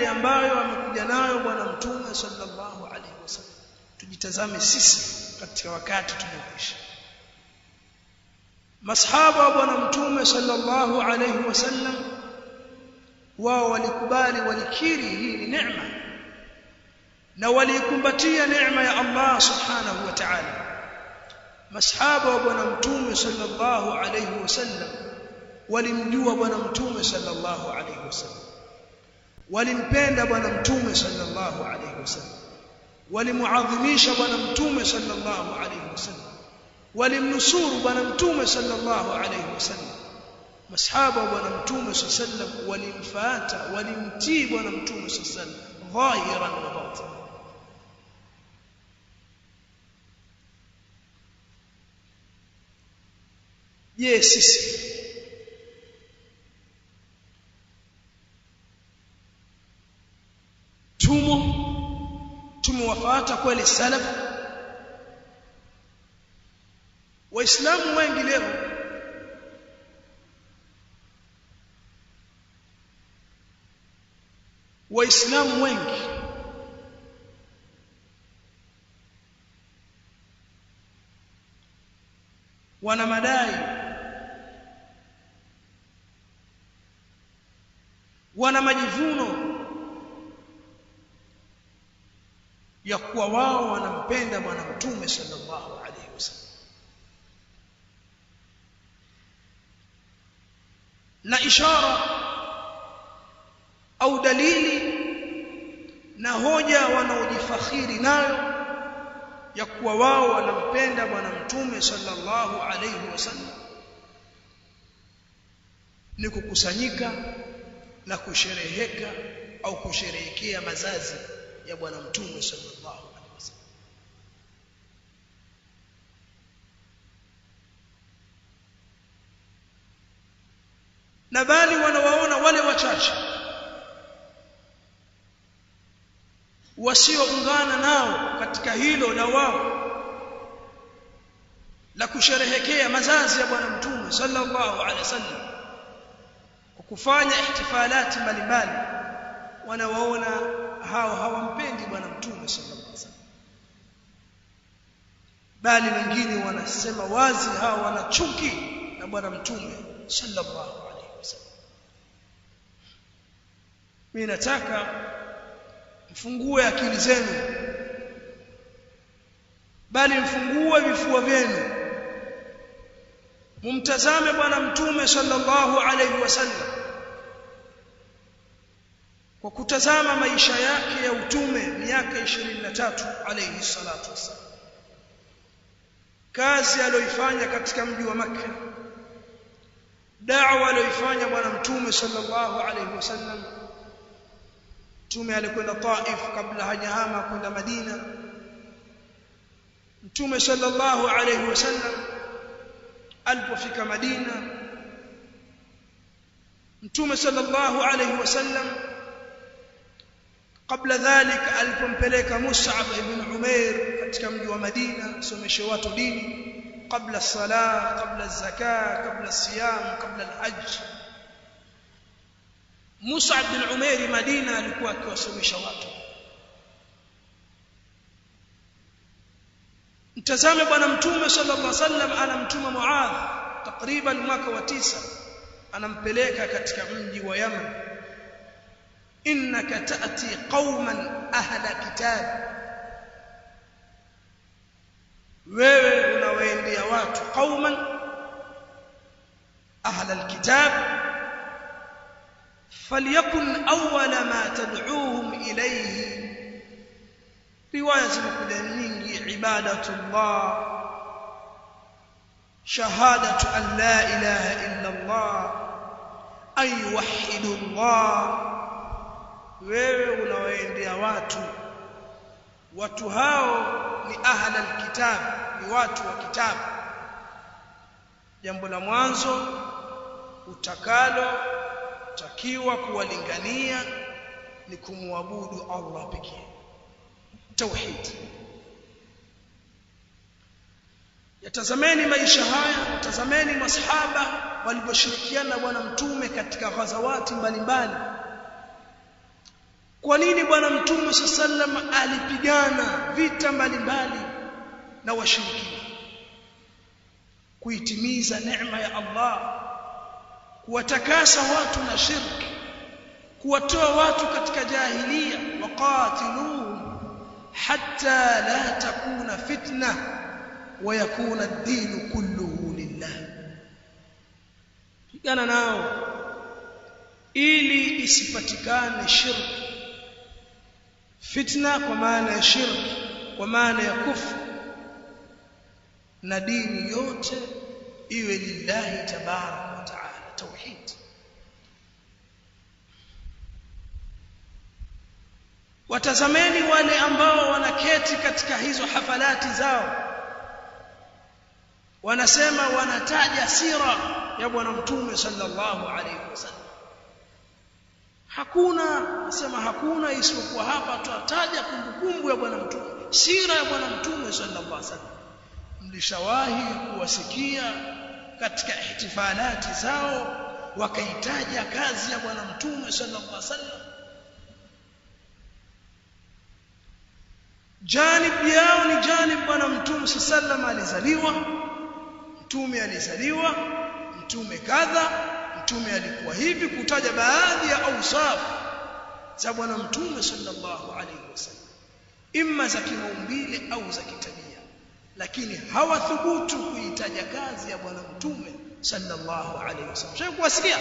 yale ambayo amekuja nayo bwana mtume sallallahu alaihi wasallam tujitazame sisi katika wakati tunaoishi masahaba wa bwana mtume sallallahu alaihi wasallam wao walikubali walikiri hii ni neema na waliikumbatia neema ya Allah subhanahu wa ta'ala masahaba wa bwana mtume sallallahu alaihi wasallam walimjua bwana mtume sallallahu alaihi wasallam walimpenda bwana mtume sallallahu alayhi wasallam walimuadhimisha bwana mtume sallallahu alayhi wasallam walimnusuru bwana mtume sallallahu alayhi wasallam masahaba bwana mtume sallallahu alayhi wasallam walimfuata walimtii bwana mtume sallallahu alayhi wasallam dhahiran wa batinan je sisi tumewafuata kweli salaf waislamu wengi leo waislamu wengi wana madai wana majivuno ya kuwa wao wanampenda bwana mtume sallallahu alaihi wasallam na ishara au dalili na hoja wanaojifakhiri nayo ya kuwa wao wanampenda bwana mtume sallallahu alaihi wasallam ni kukusanyika na kushereheka au kusherehekea mazazi ya bwana mtume sallallahu alaihi wasallam na bali wanawaona wale wachache wasioungana nao katika hilo na wao la kusherehekea mazazi ya bwana mtume sallallahu alaihi wasallam kwa kufanya ihtifalati mbalimbali wanawaona hao hawampendi bwana mtume sallallahu alaihi wasallam bali wengine wanasema wazi hao wana chuki na bwana mtume sallallahu alaihi wasallam mimi nataka mfungue akili zenu bali mfungue vifua vyenu mumtazame bwana mtume sallallahu alaihi wasallam kwa kutazama maisha yake ya utume miaka 23 alayhi salatu wasallam kazi aliyoifanya katika mji wa Makka da'wa aliyoifanya bwana mtume sallallahu alayhi wasallam mtume alikwenda Taif kabla hajahama kwenda Madina mtume sallallahu alayhi wasallam alipofika Madina mtume sallallahu alayhi wasallam قبل ذلك alipompeleka Mus'ab ibn Umair katika mji wa Madina someshe watu dini kabla sala kabla zaka kabla siyam kabla alhajj Mus'ab ibn Umair Madina alikuwa akiwasomesha watu mtazame bwana mtume sallallahu alaihi wasallam mtume Muadh takriban mwaka wa 9 anampeleka katika mji wa Yaman إنك تأتي قوما أهل كتاب ويقولون يوات قوما أهل الكتاب فليكن أول ما تدعوهم إليه رواية القدنين عبادة الله شهادة أن لا إله إلا الله أن يوحدوا الله wewe unawaendea watu watu hao ni ahla alkitab ni watu wa kitabu jambo la mwanzo utakalo takiwa kuwalingania ni kumwabudu Allah pekee tauhid yatazameni maisha haya tazameni masahaba walivyoshirikiana na bwana mtume katika ghazawati mbalimbali mbali kwa nini bwana mtume sallam alipigana vita mbalimbali na washirikina kuitimiza neema ya Allah kuwatakasa watu na shirki kuwatoa watu katika jahilia waqatiluhum hatta la takuna fitna wa yakuna ad-din kulluhu lillah pigana nao ili isipatikane shirki fitna kwa maana ya shirki kwa maana ya kufru na dini yote iwe lillahi tabaraka wa taala tauhid watazameni wale ambao wanaketi katika hizo hafalati zao wanasema wanataja sira ya bwana mtume sallallahu alaihi wasallam hakuna sema hakuna isipokuwa hapa tutataja kumbukumbu ya bwana mtume sira ya bwana mtume sallallahu alaihi wasallam mlishawahi kuwasikia katika ihtifalati zao wakaitaja kazi ya bwana mtume sallallahu alaihi wasallam janib yao ni janib bwana mtume sallallahu alaihi wasallam alizaliwa mtume alizaliwa mtume kadha Mtume alikuwa hivi, kutaja baadhi ya ausafu za Bwana Mtume sallallahu alaihi wasallam, imma za kimaumbile au za kitabia, lakini hawathubutu kuitaja kazi ya Bwana Mtume sallallahu alaihi wasallam. Sio kuwasikia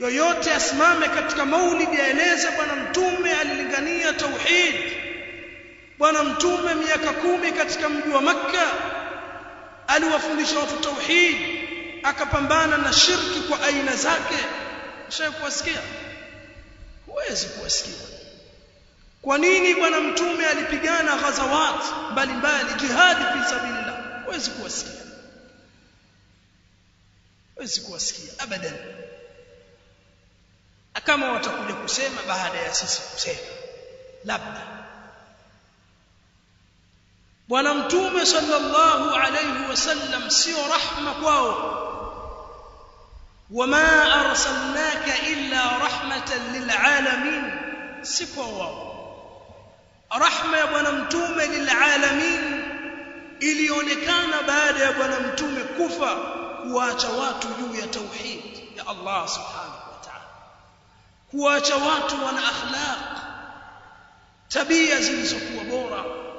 yoyote asimame katika maulidi aeleze Bwana Mtume alilingania tauhid, Bwana Mtume miaka kumi katika mji wa Makka aliwafundisha watu tauhid akapambana na shirki kwa aina zake shehe kuwasikia huwezi kuwasikia kwa nini bwana mtume alipigana ghazawat mbalimbali jihadi fi sabilillah huwezi kuwasikia huwezi kuwasikia abadan kama watakuja kusema baada ya sisi kusema labda bwana mtume sallallahu alayhi wasallam sio rahma kwao وما أرسلناك إلا رحمة للعالمين سكوا الله رحمة ونمتوم للعالمين إلي أنكان بعد ونمتوم كفا واتوات يو يتوحيد يا الله سبحانه وتعالى واتوات ونأخلاق تبيز سكوا بورا